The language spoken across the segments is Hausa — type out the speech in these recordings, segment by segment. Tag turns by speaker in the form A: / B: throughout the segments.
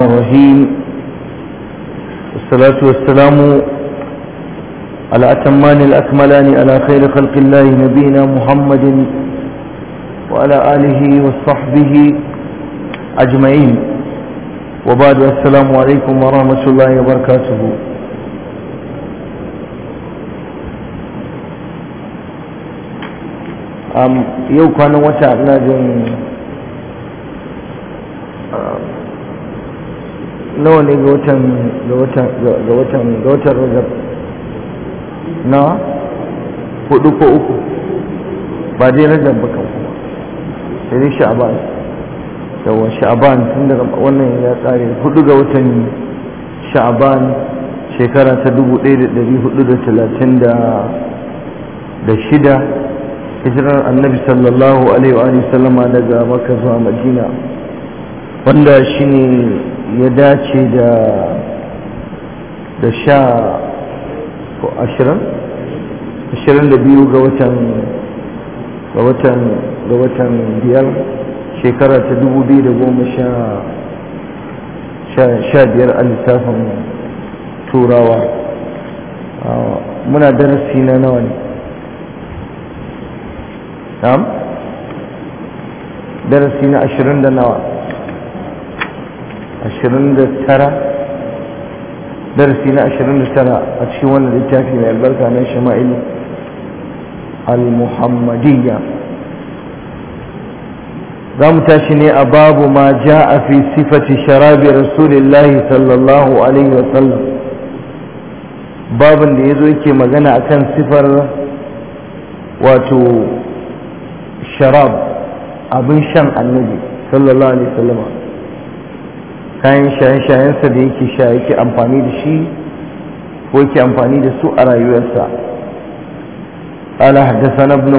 A: الرحيم والصلاة والسلام على أتمان الأكملان على خير خلق الله نبينا محمد وعلى آله وصحبه أجمعين وبعد السلام عليكم ورحمة الله وبركاته أم كان وتعنا جن nawa ne ga watan rajab na hudu ko uku ba dai rajab ba kan kuma sai dai sha'aban yawa sha'aban tun daga wannan ya tsare hudu ga watan sha'aban shekara ta dubu ɗaya da ɗari hudu da talatin da shida hijirar annabi sallallahu alaihi wa sallama daga maka zuwa madina wanda shine ya dace da da sha ko ashirin ashirin da biyu ga watan ga watan ga watan biyar shekara ta dubu biyu da goma sha biyar a littafin turawa muna darasi na nawa ne darasi na ashirin da nawa 29 darasi na 29 a cikin wannan littafi mai albarka na shama'il al-muhammadiyya za mu tashi ne a babu ma ja a fi sifati sharabi rasulillah sallallahu alaihi wasallam babin da ya zo yake magana a akan sifar wato sharab abin shan annabi sallallahu alaihi wasallama kayan shaye-shayensa da yake sha yake amfani da shi ko yake amfani da su a rayuwarsa قال حدثنا ابن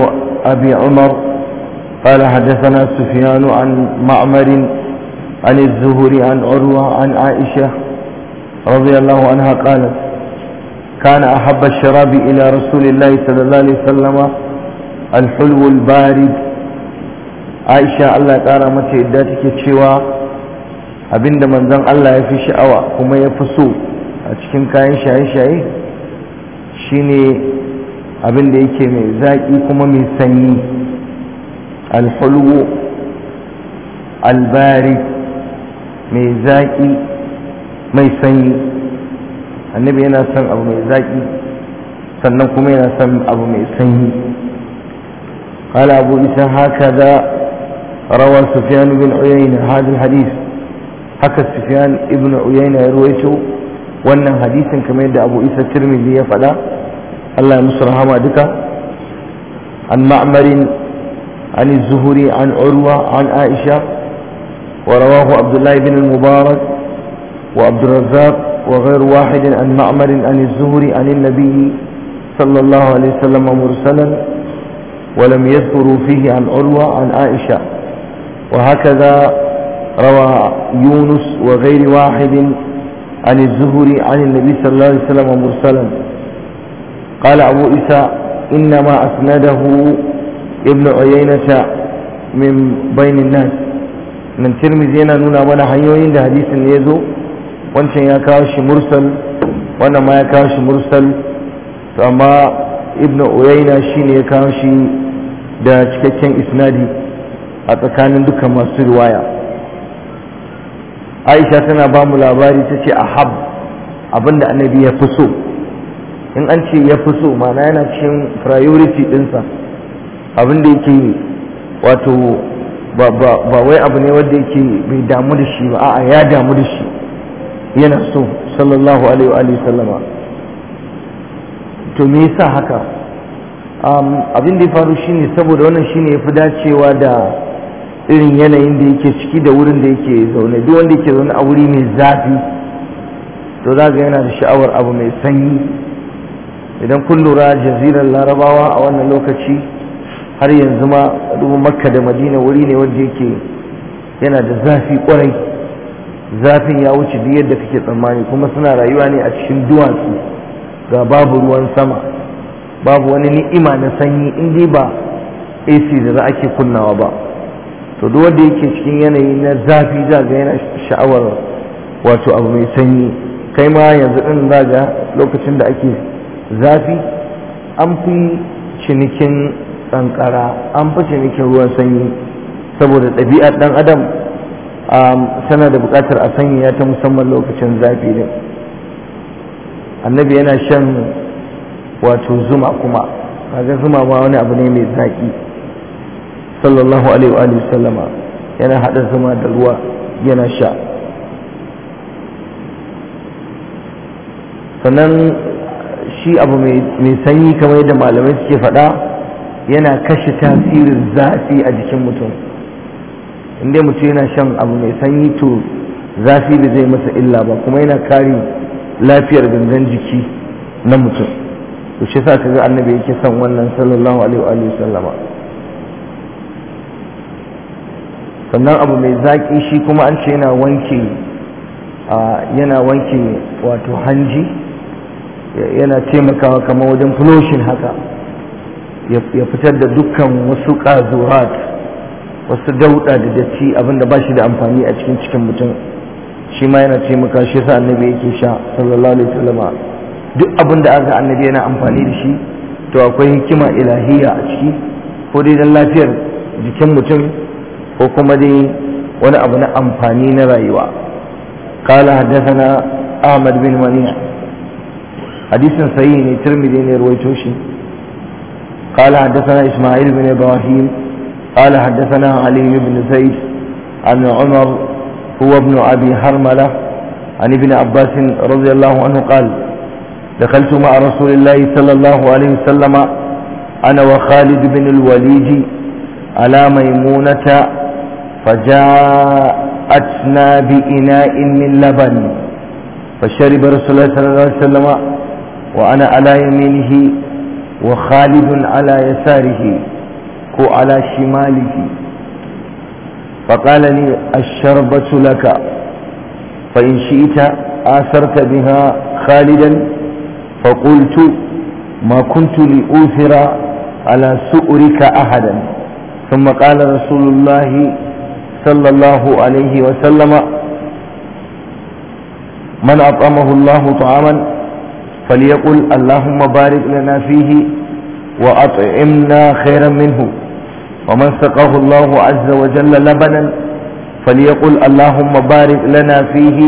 A: أبي عمر قال حدثنا سفيان عن معمر عن الزهري عن عروة عن عائشة رضي الله عنها قالت كان أحب الشراب إلى رسول الله صلى الله عليه وسلم الحلو البارد عائشة الله تعالى متى إداتك تشوى abinda manzon Allah ya fi sha'awa kuma ya fi so a cikin kayan shaye-shaye shine abinda yake mai zaƙi kuma mai sanyi alhulwo albari mai zaƙi mai sanyi annabi yana son abu mai zaƙi sannan kuma yana son abu mai sanyi قال أبو إسحاق هكذا روى سفيان بن عيينة هذا الحديث haka سفيان ibn عيينة ya ruwaito حديثا كما kamar ابو عيسى isa tirmidhi ya faɗa Allah ya musu rahama duka عن الزهري عن عروة عن عائشة ورواه عبد الله بن المبارك وعبد الرزاق وغير واحد عن معمر عن الزهري عن النبي صلى الله عليه وسلم مرسلا ولم يذكروا فيه عن عروة عن عائشة وهكذا روى يونس وغير واحد عن الزهري عن النبي صلى الله عليه وسلم مرسلا قال أبو إسى إنما أسنده ابن عيينة من بين الناس من ترمزي yana nuna mana hanyoyin da hadisin ya zo wancan ya kawo shi mursal wannan ma ya kawo shi mursal to amma ibnu uyayna shine ya kawo shi da cikakken isnadi a tsakanin duka masu riwaya aisha tana ba mu labari ta ce ahab abinda annabi ya fi so in an ce ya fi so mana yana cikin priority ɗinsa abinda yake wato ba wai abu ne wanda yake bai damu da shi ba a'a ya damu da shi yana so sallallahu alaihi wa sallama to me yasa haka abin da ya faru shine saboda wannan shine yafi dacewa da irin yanayin da yake ciki da wurin da yake zaune duk wanda yake zaune a wuri mai zafi to za ga yana da sha'awar abu mai sanyi idan kun lura jazirar larabawa a wannan lokaci har yanzu ma dubu makka da madina wuri ne wanda yake yana da zafi kwarai zafin ya wuce duk yadda kake tsammani kuma suna rayuwa ne a cikin duwatsu ga babu ruwan sama babu wani ni'ima na sanyi in dai ba AC da za ake kunnawa ba to duk wanda yake cikin yanayi na zafi za ga yana sha'awar wato abu mai sanyi kai ma yanzu din za ga lokacin da ake zafi an fi cinikin kankara an fi cinikin ruwan sanyi saboda ɗabi'ar ɗan adam sana um, da buƙatar a sanyaya ta musamman lokacin zafi ne annabi yana shan wato zuma kuma kaga zuma ma wani abu ne mai zaƙi sallallahu alaihi wa sallama yana hada zama da ruwa yana sha sannan shi abu mai sanyi kamar yadda malamai suke faɗa yana kashe tasirin zafi a jikin mutum inda mutum yana shan abu mai sanyi to zafi da zai masa illa ba kuma yana kare lafiyar gangan jiki na mutum to shi sa ka ga annabi yake son wannan sallallahu alaihi wa sallama sannan abu mai zaƙi shi kuma an ce yana wanke yana wanke wato hanji yana taimakawa kama wajen fulushin haka ya fitar da dukkan wasu ƙazurat wasu dauɗa da datti abinda ba shi da amfani a cikin cikin mutum shi ma yana taimaka shi sa annabi yake sha sallallahu alaihi wasallama duk abin da aka annabi yana amfani da shi to akwai hikima ilahiya a ciki ko dai don lafiyar jikin mutum ko kuma dai wani abu na amfani na rayuwa kala haddathana ahmad bin mani'a hadisin sahihi ne tirmidhi ne ruwaito shi kala haddathana isma'il bin ibrahim kala haddathana ali bin zaid عن عمر هو ابن أبي هرملة عن ابن عباس رضي الله عنه قال دخلت مع رسول الله صلى الله عليه وسلم أنا وخالد فجاءتنا بإناء من لبن فشرب رسول الله صلى الله عليه وسلم وأنا على يمينه وخالد على يساره كو على شماله فقال لي الشربة لك فإن شئت آثرت بها خالدا فقلت ما كنت لأوثر على سؤرك أحدا ثم قال رسول الله صلى الله عليه وسلم من أطعمه الله طعاما فليقل اللهم بارك لنا فيه وأطعمنا خيرا منه ومن سقاه الله عز وجل لبنا فليقل اللهم بارك لنا فيه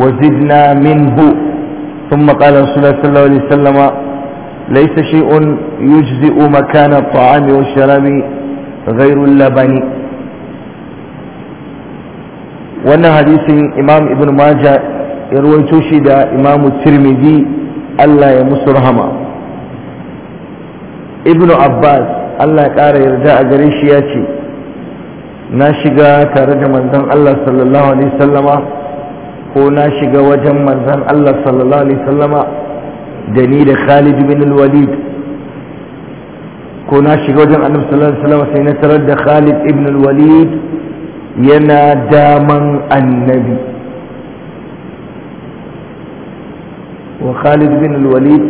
A: وزدنا منه ثم قال رسول الله صلى الله عليه وسلم ليس شيء يجزئ مكان الطعام والشراب غير اللبن wannan hadisin imam ibn maja ya ruwaito shi da imam tirmidhi Allah ya musu rahama ibn abbas Allah ya ƙara yarda a gare shi ya ce na shiga tare da manzon Allah sallallahu alaihi sallama
B: ko na shiga wajen manzon Allah sallallahu alaihi sallama da ni da Khalid
A: bin al-Walid ko na shiga wajen annabi sallallahu alaihi sallama sai na tarar da Khalid ibn al-Walid yana daman annabi wa khalid bin al-walid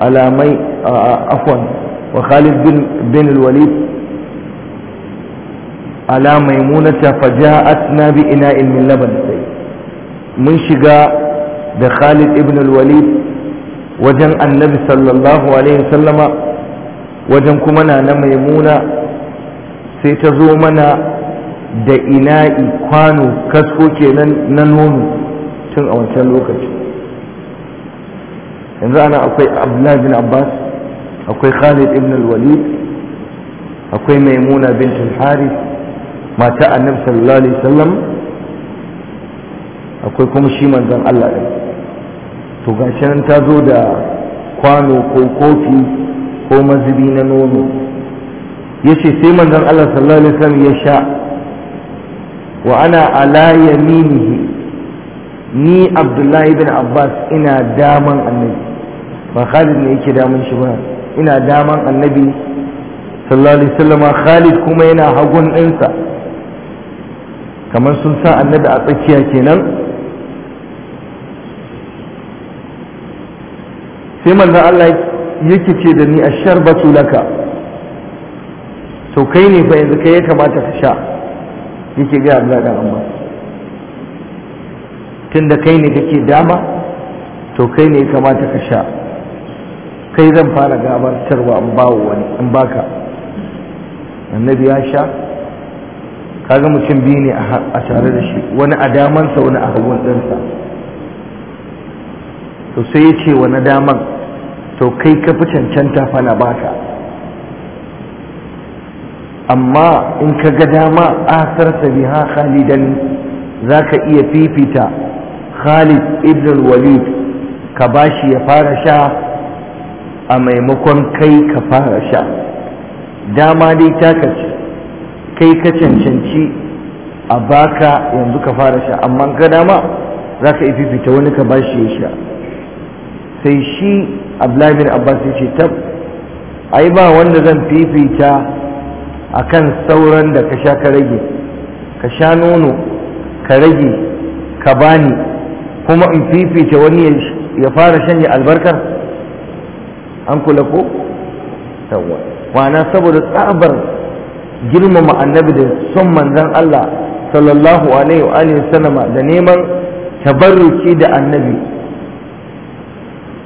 A: alamai afon wa khalid bin al-walid ala maimunata na bi ina'in min laban sai mun shiga da khalid ibn al-walid wajen annabi sallallahu alaihi sallama wajen kuma na na maimuna sai ta zo mana da ina'i kwano kasko ke na nono tun a wancan lokaci yanzu ana akwai abdullahi bin abbas akwai khalid ibn al-walid akwai maimuna bint Haris mata annabi sallallahu alaihi wasallam akwai kuma shi manzon Allah ɗin to gashi nan ta zo da kwano ko kofi ko mazubi na nono yace sai manzon Allah sallallahu alaihi wasallam ya sha wa ana ala yaminihi ni abdullahi bin abbas ina daman annabi ba khalid ne yake daman shi ba ina daman annabi sallallahu alaihi wasallam khalid kuma yana hagun ɗinsa kamar sun sa annabi a tsakiya kenan sai manzo Allah yake ce da ni asharbatu laka to kai ne fa yanzu kai ya kamata ka sha yake ga Allah dan amma tunda kai ne kake dama to kai ne kamata ka sha kai zan fara gabatarwa in bawo wani in baka annabi ya sha kaga mutum biyu ne a tare da shi wani a damansa wani a hagun ɗinsa to sai ya ce wani daman to kai ka fi cancanta fa na baka amma in ka ga dama asar biha khalidan za ka iya fifita khalid ibn walid ka bashi ya fara sha a maimakon kai ka fara sha dama dai ta kace kai ka cancanci a baka yanzu ka fara sha amma ka dama za ka iya fifita wani ka bashi ya sha sai shi abdullahi bin abbas ya ce tab ai ba wanda zan fifita akan sauran da ka sha ka rage ka sha nono ka rage ka bani kuma in fifita wani ya fara shanye albarkar an kula ko yawa ma'ana saboda tsabar girmama annabi da son manzon Allah sallallahu alaihi wa sallama da neman tabarruki da annabi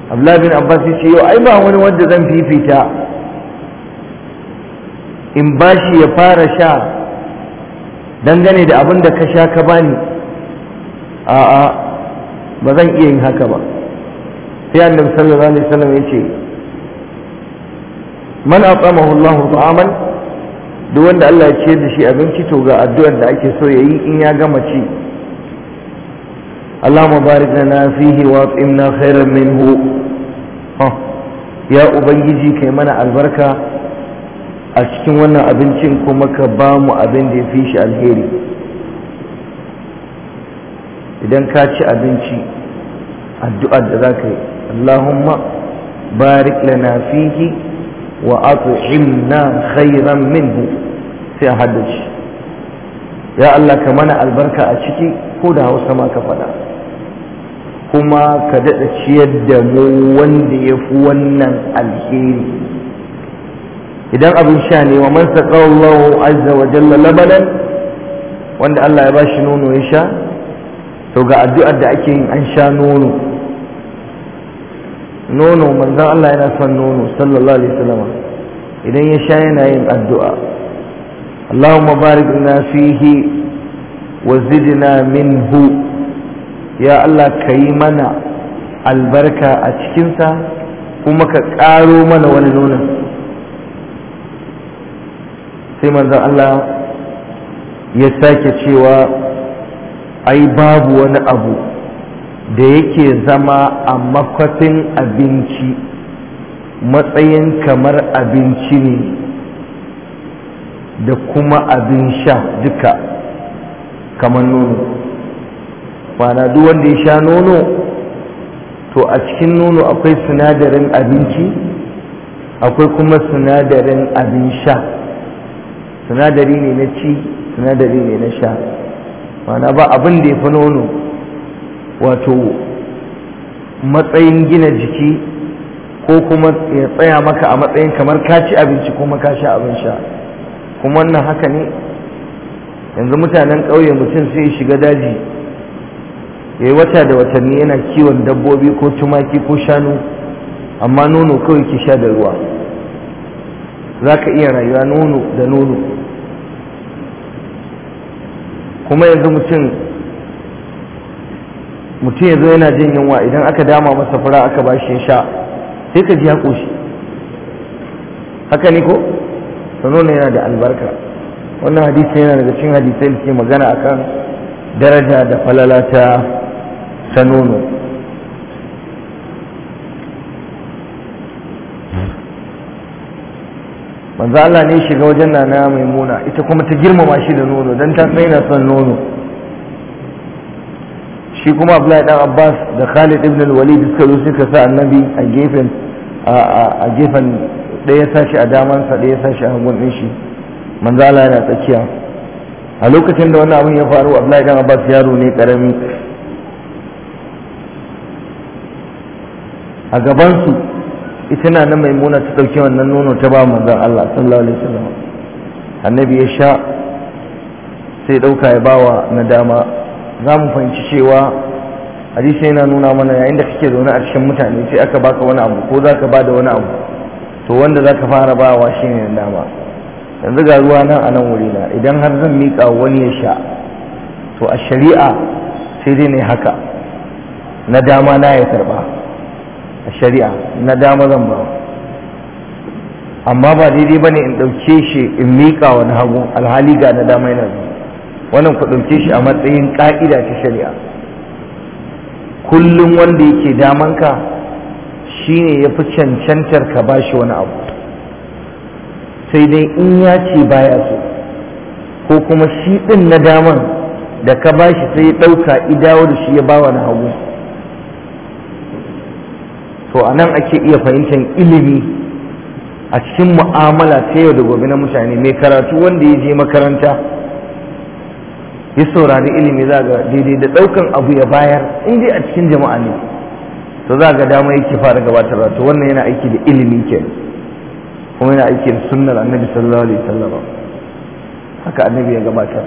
A: Abdullahi bin Abbas ya ce yau ai ba wani wanda zan fifita in ba shi ya fara sha dangane da abin da ka sha ka bani a'a ba zan iya yin haka ba sai annabi sallallahu alaihi wasallam ya ce man atamahu Allahu ta'aman duk wanda Allah ya ciyar da shi abinci to ga addu'ar da ake so ya yi in ya gama ci اللهم بارك wa فيه واطعمنا خيرا منه Ya ubangiji kai mana albarka a cikin wannan abincin kuma ka ba mu abin da ya fi shi alheri idan ka ci abinci addu'ar da za ka yi allahumma barik lana fihi wa at'imna khairan minhu sai a haddace ya Allah ka mana albarka a ciki ko da hausa ma ka faɗa kuma ka daɗa ciyar da mu wanda ya fi wannan alheri idan abin sha ne wa man saqallahu azza wa jalla labanan wanda Allah ya bashi nono ya sha to ga addu'ar da ake yin an sha nono nono manzon Allah yana son nono sallallahu alaihi wasallam idan ya sha yana yin addu'a اللهم بارك لنا فيه وزدنا منه يا الله كيمنا albarka a cikinsa kuma ka ƙaro mana wani nonon sai manzan Allah ya sake cewa ai babu wani abu da yake zama a makwafin abinci matsayin kamar abinci ne da kuma abin sha duka kamar nono ba duk wanda ya sha nono to a cikin nono akwai sinadarin abinci akwai kuma sinadarin abin sha sinadari ne na ci sinadari ne na sha mana ba abin da ya fi nono wato matsayin gina jiki ko kuma ya tsaya maka a matsayin kamar ka ci abinci kuma maka sha abin sha kuma wannan haka ne yanzu mutanen ƙauye mutum sai ya shiga daji ya yi wata da watanni yana kiwon dabbobi ko tumaki ko shanu amma nono kawai ke sha da ruwa za ka iya rayuwa nono da nono kuma yanzu mutum mutum yanzu yana jin yunwa idan aka dama masa fura aka ba shi sha sai ka ji ya ƙoshi haka ne ko sanonu yana da albarka wannan hadisi yana daga cikin hadisai da ke magana akan daraja da falala ta nono manzo Allah ne shiga wajen nana maimuna ita kuma ta girmama shi da nono dan ta san na son nono shi kuma Abdullahi dan Abbas da Khalid ibn al-Walid suka zo suka sa annabi a gefen a gefen sashi a damansa ɗaya sashi a hagun din shi manzo Allah yana tsakiya a lokacin da wannan abin ya faru Abdullahi dan Abbas yaro ne karami a gabansu ita na na maimuna ta ɗauki wannan nono ta ba zan Allah sallallahu alaihi wasallam annabi ya sha sai ɗauka ya bawa na dama za mu fahimci cewa hadisi yana nuna mana yayin da kake zaune a cikin mutane sai aka baka wani abu ko za ka ba da wani abu to wanda za ka fara bawa shi ne na dama yanzu ga ruwa nan a nan wurina idan har zan miƙa wani ya sha to a shari'a sai dai ne haka na dama na ya karɓa a shari'a na dama zan ba amma ba daidai ba ne in ɗauke shi in miƙa wani hagu alhali ga na dama yana zuwa wannan ku ɗauke shi a matsayin ƙa'ida ta shari'a kullum wanda yake damanka shine ya fi cancantar ka ba shi wani abu sai dai in ya ce baya so ko kuma shi ɗin na daman da ka ba shi sai ya ɗauka idawar shi ya ba wani hagu to a nan ake iya fahimtar ilimi a cikin mu'amala ta yau da gobe na mutane mai karatu wanda ya je makaranta ya saurari ilimi za ga daidai da ɗaukan abu ya bayar in dai a cikin jama'a ne to za ga dama yake fara gabatar to wannan yana aiki da ilimi ke kuma yana aiki da sunnar annabi sallallahu alaihi wasallam haka annabi ya gabatar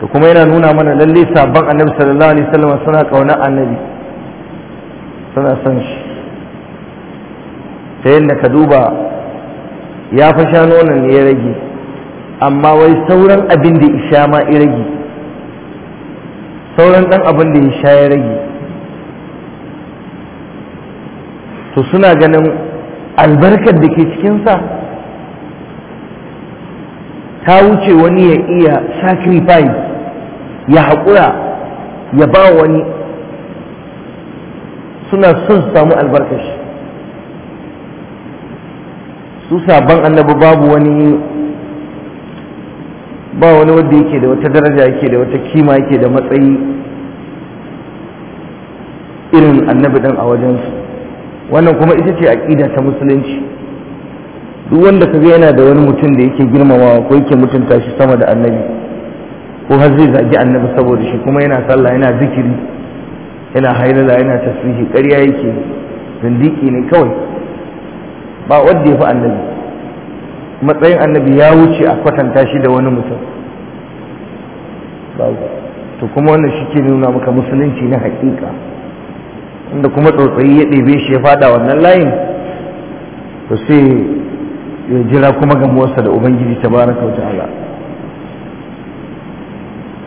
A: to kuma yana nuna mana lalle sabon annabi sallallahu alaihi wasallam suna kauna annabi suna son shi ta yadda ka duba ya fi sha ne ya rage amma wai sauran abin da isha ma ya rage sauran ɗan abin da ya sha ya rage to suna ganin albarkar da ke cikinsa ta wuce wani ya iya sacrifice ya haƙura ya ba wani suna son su samu albarkashi su sabon annabi babu wani ba wani wanda yake da wata daraja yake da wata kima yake da matsayi irin annabi dan a wajensu wannan kuma ita ce aƙida ta musulunci duk wanda kaga yana da wani mutum da yake girmamawa ko yake mutunta shi sama da annabi ko har zai zagi annabi saboda shi kuma yana sallah yana zikiri yana hailala yana tasbihi ƙarya yake zindiki ne kawai ba wanda ya fi annabi matsayin annabi ya wuce a kwatanta shi da wani mutum to kuma wannan shi ke nuna maka musulunci na hakika inda kuma tsautsayi ya ɗebe shi ya fada wannan layin to sai ya jira kuma gamuwarsa da ubangiji ta baraka wa ta'ala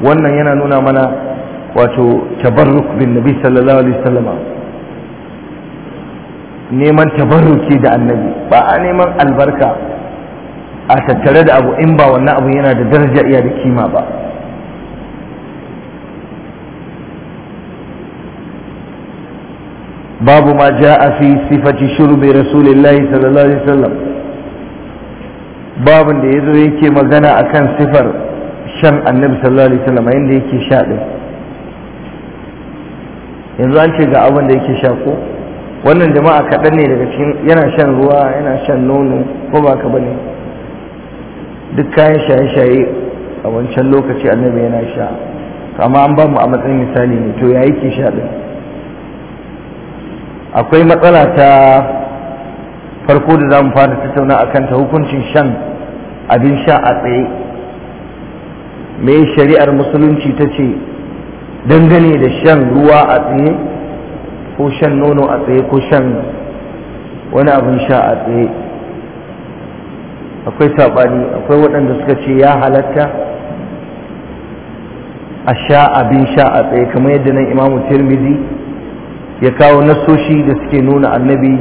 A: wannan yana nuna mana wato tabarruk bin nabi sallallahu alaihi wasallama neman tabarruki da annabi ba a neman albarka a tattare da abu in ba wannan abu yana da daraja iya da kima ba babu ma ja ja'a fi sifati shurbi rasulillahi sallallahu alaihi wasallam babin da yazo yake magana akan sifar shan annabi sallallahu alaihi wasallam yadda yake sha din yanzu an ce ga abin da yake ko wannan jama'a kaɗan ne daga cikin yana shan ruwa yana shan nono ko ba ka bane duk kayan shaye-shaye a wancan lokaci annabi yana sha amma an ba mu a matsayin misali ne to ya yi ke sha ɗin akwai matsala ta farko da za mu fara tattauna a kanta hukuncin shan abin sha a tsaye me shari'ar musulunci ta ce dangane da shan ruwa a tsaye ko shan nono a tsaye ko shan wani abin sha a tsaye akwai sabani akwai waɗanda suka ce ya halatta a sha abin sha a tsaye kamar yadda nan imamu tirmidhi ya kawo nasoshi da suke nuna annabi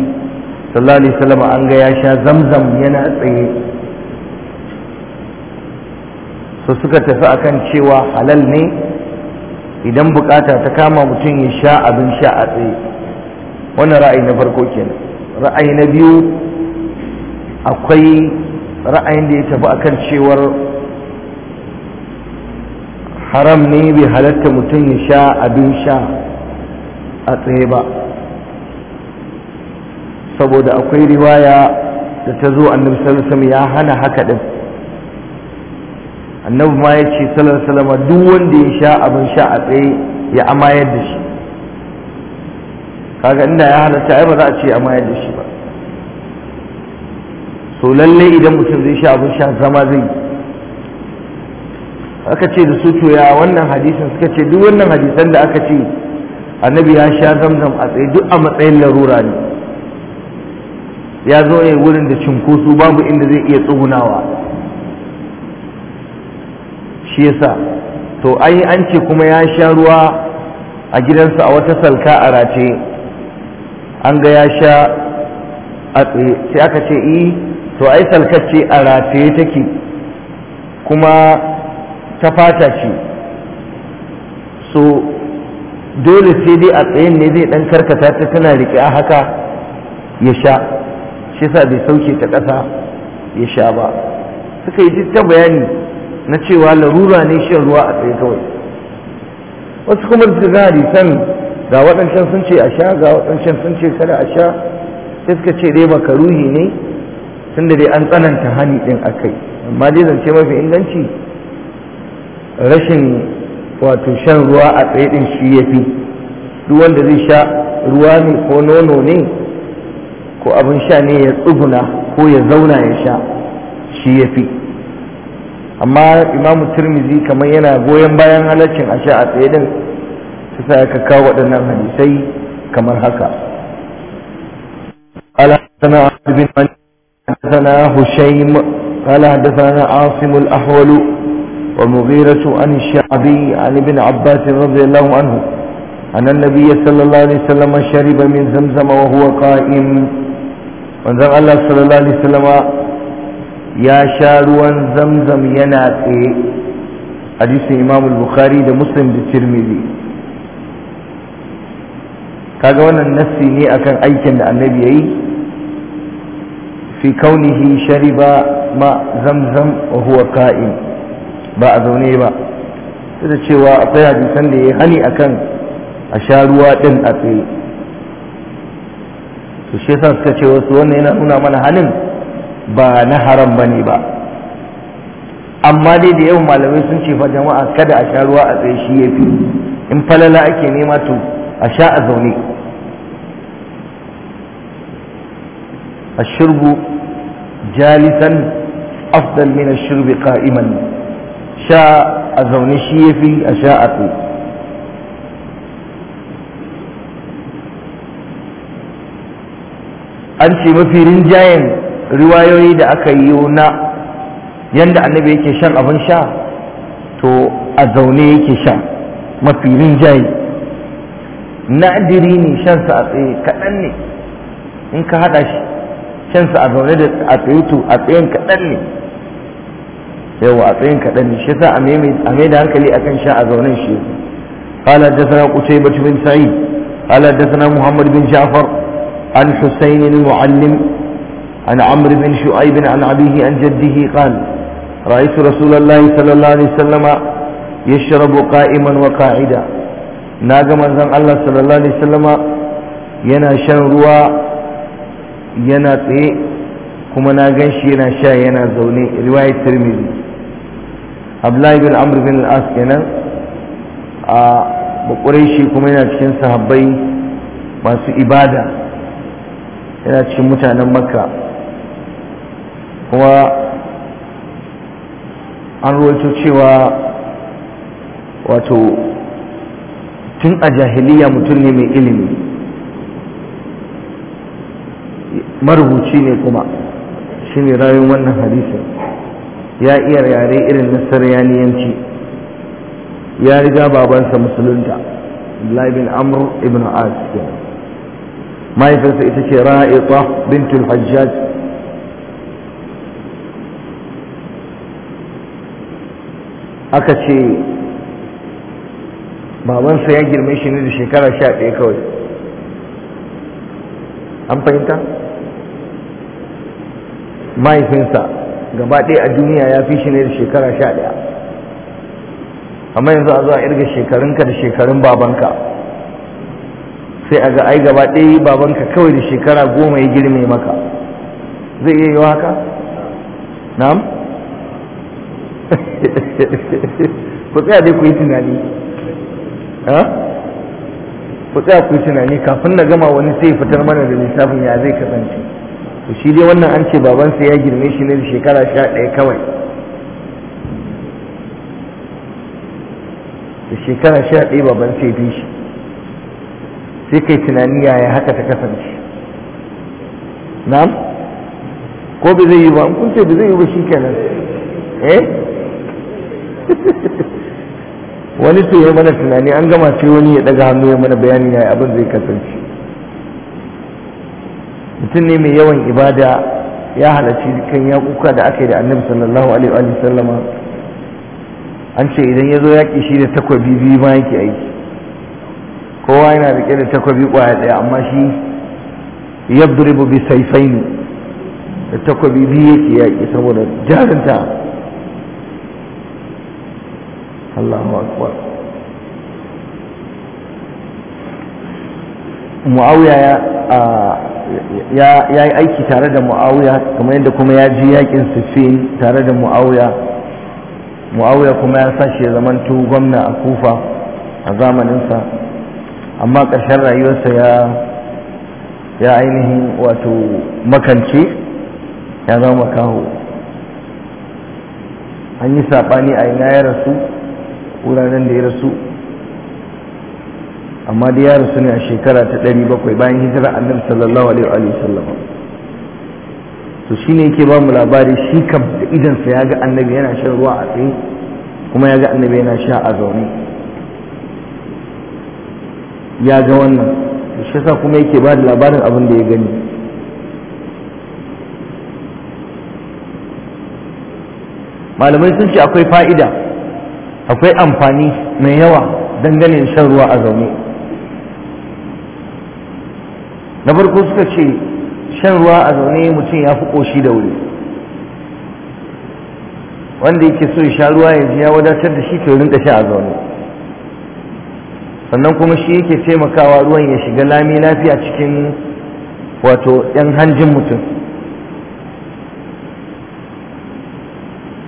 A: sallallahu alaihi wasallam an ga ya sha zamzam yana tsaye so suka tafi akan cewa halal ne idan bukata ta kama mutum ya sha abin sha a tsaye wannan ra'ayi na farko kenan ra'ayi na biyu akwai ra'ayin da ya tafi akan cewar haram ne bai halatta mutum ya sha abin sha a tsaye ba saboda akwai riwaya da ta zo annabi sallallahu alaihi wasallam ya hana haka din annabi ma ya ce sallallahu salama duk wanda ya sha abin sha a tsaye ya amayar da shi kaga inda ya halatta ai ba za a ce amayar da shi ba so lallai idan mutum zai sha abin sha zama zai aka ce da su ya wannan hadisin suka ce duk wannan hadisan da aka ce annabi ya sha zamzam a tsaye duk a matsayin larura ne ya zo ne wurin da cinkoso babu inda zai iya tsugunawa shi yasa to ai an ce kuma ya sha ruwa a gidansa a wata salka a race an ga ya sha a tsaye sai aka ce i eh, to ai salkar ce a rataye take kuma ta fata ce so dole sai dai a tsayen ne zai dan karkata ta tana rike a haka ya sha shi yasa bai sauke ta ƙasa ya sha ba suka yi ta bayani na cewa larura ne shan ruwa a tsaye kawai wasu kuma su san hadisan ga waɗancan sun ce a sha ga waɗancan sun ce kada a sha sai suka ce dai makaruhi ne da dai an tsananta hani ɗin a kai amma dai zance mafi inganci rashin wato shan ruwa a tsaye ɗin shi ya fi duk wanda zai sha ruwa ne ko nono ne ko abin sha ne ya tsuguna ko ya zauna ya sha shi ya fi amma imamu turmizi kamar yana goyon bayan halaccin a sha a tsaye din su sa ka kawo waɗannan hadisai kamar haka قال حدثنا عبد بن من حدثنا ومغيرة عن الشعبي عن ابن عباس رضي الله عنه أن النبي صلى الله عليه وسلم شرب من زمزم وهو قائم وانزل الله صلى الله عليه وسلم ya sha ruwan zamzam yana tsaye jisun imam bukhari da muslim da tirmidhi kaga wannan nassi ne akan aikin da annabi yi? fi kaunihi shariba ma zamzam wa huwa ka'in ba a zaune ba da cewa akwai hadisan da ya yi hani akan a sha ruwa ɗin a tsaye to shi suka ce wasu wannan yana nuna mana halin ba na haram bane ba amma dai da yawan malamai sun ce fa jama'a kada a sha ruwa a tsaye shi yafi in falala ake nema to a sha a zaune a shirgu jalisan afdal min ashirbi qa'iman sha a zaune shi ya fi a sha a tsaye an ce mafi rinjayen riwayoyi da aka yi na yadda annabi yake shan abin sha to a zaune yake sha mafi rinjaye nadiri ne shansa a tsaye kaɗan ne in ka haɗa shi shansa a zaune da a tsaye to a tsayen kaɗan ne yawa a tsayen kaɗan ne shi sa a mai da hankali akan sha a zaune shi قال حدثنا قتيبة بن سعيد قال حدثنا محمد بن جعفر عن حسين المعلم عن عمرو بن شعيب عن أبيه عن جده قال رأيت رسول الله صلى الله عليه وسلم يشرب قائما وقاعدا ناغ منزل الله صلى الله عليه وسلم yana shan ruwa yana tsaye kuma na gan shi yana sha yana zaune riwayat tirmidhi abdullahi bin amr bin al-as kenan a bakurai kuma yana cikin sahabbai masu ibada yana cikin mutanen makka kuma an ruwaito cewa wato tun a jahiliya mutum ne mai ilimi marubuci ne kuma shi ne rayun wannan hadisin ya iya yare irin nasar yaniyanci. ya riga babansa musulunta Abdullahi bin Amr ibn As mahaifinsa ita ce Ra'ita bintul Hajjaj aka ce babansa ya girme shi ne da shekara sha ɗaya kawai an fahimta mahaifinsa gaba ɗaya a duniya ya fi shi ne da shekara sha ɗaya amma yanzu a zuwa irga shekarunka da shekarun babanka sai a ga ai gaba ɗaya babanka kawai da shekara goma ya girme maka zai iya yi haka na'am ku tsaya dai ku yi tunani ku tsaya ku yi tunani kafin na gama wani sai fitar mana da lissafin ya zai kasance to shi dai wannan an ce babansa ya girme shi ne da shekara sha ɗaya kawai da shekara sha ɗaya babansa ya bi shi sai kai tunani yaya haka ta kasance na'am ko bai zai yi ba kun ce bai zai yi ba shi kenan eh wani to ya mana tunani an gama sai wani ya daga hannu ya mana bayani ya abin zai kasance mutum ne mai yawan ibada ya halarci kan kuka da aka yi da annabi sallallahu alaihi wa sallama an ce idan ya zo yaƙi shi da takwabi biyu ma yake aiki kowa yana riƙe da takwabi ƙwaya ɗaya amma shi yadribu bi saifaini da takwabi biyu yake yaƙi saboda jarinta Allahu akbar Muawiya ya ya yi aiki tare da Muawiya kamar yadda kuma ya ji yakin Siffin tare da Muawiya Muawiya kuma ya shi ya zamanto gwamna a Kufa a zamaninsa amma ƙarshen rayuwarsa ya ya ainihin wato makance ya zama kawo. an yi saɓani a ina ya rasu wuraren da ya rasu amma da ya rasu ne a shekara ta 700 bayan hijira annabi sallallahu alaihi wa sallam to shine yake ba mu labari shi kam da idan sa ga annabi yana shan ruwa a tsaye kuma ya ga annabi yana sha a zaune ya ga wannan shi yasa kuma yake ba da labarin abin da ya gani malamai sun ce akwai fa'ida akwai amfani mai yawa dangane da shan ruwa a zaune na farko suka ce shan ruwa a zaune mutum ya fi ƙoshi da wuri wanda yake so ya sha ruwa ya ji ya wadatar da shi to wurin sha a zaune sannan kuma shi yake taimakawa ruwan ya shiga lami lafiya cikin wato 'yan hanjin mutum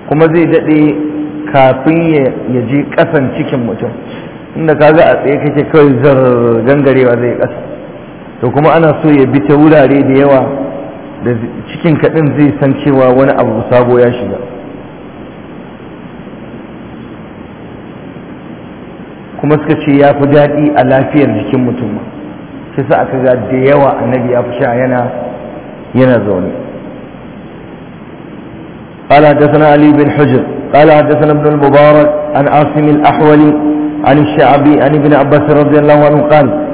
A: kuma zai daɗe kafin ya je kasan cikin mutum inda kaga a tsaye kake kawai zar gangarewa zai kasa to kuma ana so ya bi ta wurare da yawa da cikin kaɗin zai san cewa wani abu sabo ya shiga kuma suka ce ya fi daɗi a lafiyar jikin mutum shi sa aka ga da yawa annabi ya fi sha yana zaune قال حدثنا علي بن حجر قال حدثنا ابن المبارك عن عاصم الأحول عن الشعبي عن ابن عباس رضي الله عنه قال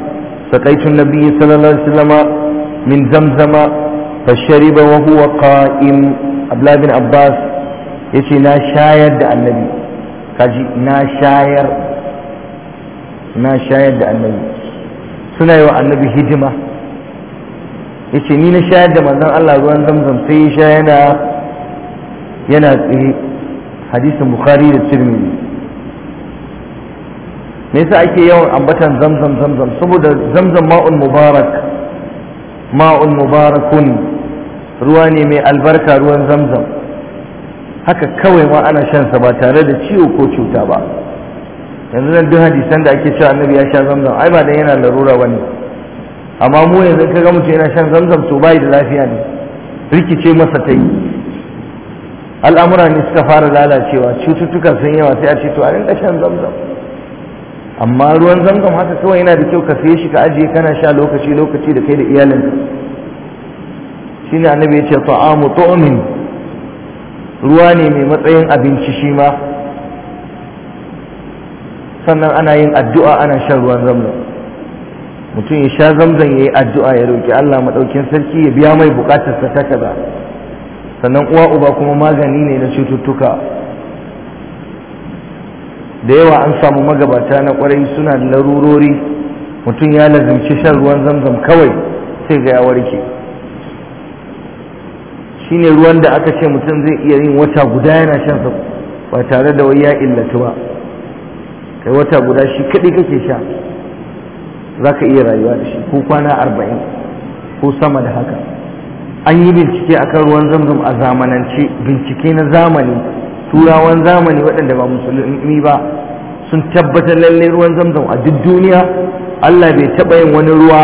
A: سقيت النبي صلى الله عليه وسلم من زمزم فشرب وهو قائم عبد الله بن عباس يتي نا شاير دع النبي كاجي نا شاير نا شاير دع النبي سنة yi النبي هجمة hidima نين شاير دع na shayar da manzan Allah ruwan zamzam sai ya hadisin bukhari da tirmidhi me yasa ake yawan ambatan zamzam zamzam saboda zamzam ma'un mubarak ma'un mubarakun ruwa ne mai albarka ruwan zamzam haka kawai ma ana shan sa ba tare da ciwo ko cuta ba yanzu nan duk hadisan da ake cewa annabi ya sha zamzam ai ba dan yana larura bane amma mu yanzu kaga mutum yana shan zamzam to bai da lafiya ne rikice masa ta yi al'amura ne suka fara lalacewa cututtuka sun yawa sai a ce to a rinka shan zamzam amma ruwan zamzam haka kawai yana da kyau ka saye shi ka ajiye kana sha lokaci lokaci da kai da iyalinka shine annabi ya ce ta'amu tu'min ruwa ne mai matsayin abinci shi ma sannan ana yin addu'a ana shan ruwan zamzam mutum ya sha zamzam ya yi addu'a ya roƙi Allah maɗaukin sarki ya biya mai buƙatarsa ta kaza sannan uwa uba kuma magani ne na cututtuka da yawa an samu magabata na kwarai suna da larurori mutum ya lazimci shan ruwan zamzam kawai sai ga ya warke shi ne ruwan da aka ce mutum zai iya yin wata guda yana shan sa ba tare da wai ya illatu ba kai wata guda shi kaɗai kake sha za ka iya rayuwa da shi ko kwana arba'in ko sama da haka an yi bincike a kan ruwan zamzam a zamanance bincike na zamani turawan zamani waɗanda ba musulmi ba sun tabbatar lalle ruwan zamzam a duk duniya allah bai taɓa yin wani ruwa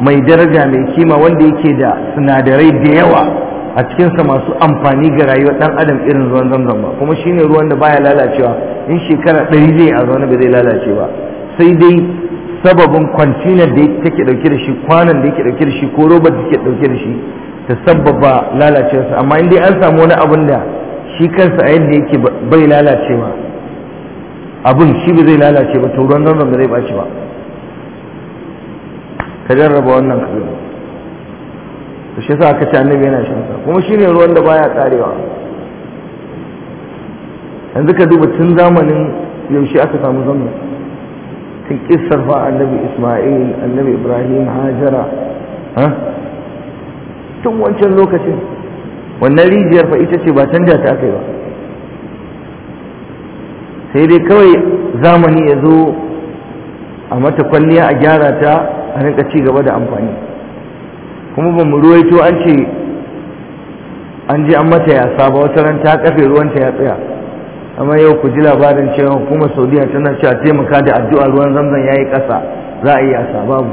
A: mai daraja mai kima wanda yake da sinadarai da yawa a cikinsa masu amfani ga rayuwar ɗan adam irin ruwan zamzam ba kuma shine ruwan da baya lalacewa in shekara ɗari zai a zaune ba zai lalace ba sai dai sababin kwantinar da take ɗauke da shi kwanan da yake ɗauke da shi ko robar da take ɗauke da shi ta sabbaba lalacewarsa amma in dai an samu wani abin da shi kansa a yadda yake bai lalacewa abin shi bai zai lalace ba to ruwan zanzan ba zai ɓaci ba ka jarraba wannan ka gani shi sa aka ci annabi yana shan sa kuma ne ruwan da baya karewa yanzu ka duba tun zamanin yaushe aka samu zanzan tun kissar fa annabi Isma'il annabi Ibrahim Hajara ha tun wancan lokacin wannan rijiyar fa ita ce ba canja ta aka yi ba sai dai kawai zamani ya zo a mata kwalliya a gyara ta a rinka ci gaba da amfani kuma ba mu ruwaito an ce an je an mata yasa ba wata ran ta kafe ruwanta ya tsaya amma yau ku ji labarin cewa hukumar saudiya tana cewa taimaka da addu'a ruwan zamzam ya yi ƙasa za a yi yasa babu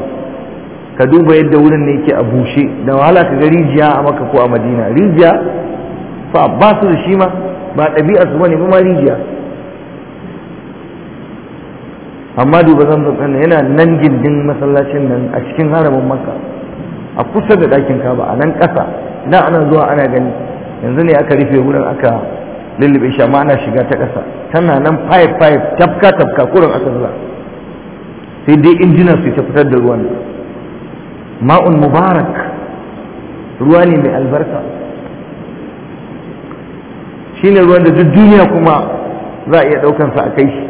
A: ka duba yadda wurin ne yake a bushe da wahala ka ga rijiya a maka ko a madina rijiya fa ba su da shi ma ba ɗabi'a su bane ba ma rijiya amma duba zan zan yana nan gindin masallacin nan a cikin haramin makka a kusa da ɗakin kaba a nan ƙasa da ana zuwa ana gani yanzu ne aka rufe wurin aka lullube shi amma ana shiga ta ƙasa tana nan fayif fayif tafka tafka kurin aka zuwa sai dai injinan su ta fitar da ruwan ma'un mubarak ruwa ne mai albarka shi ne ruwan da duk duniya kuma za a iya ɗaukansa a kai shi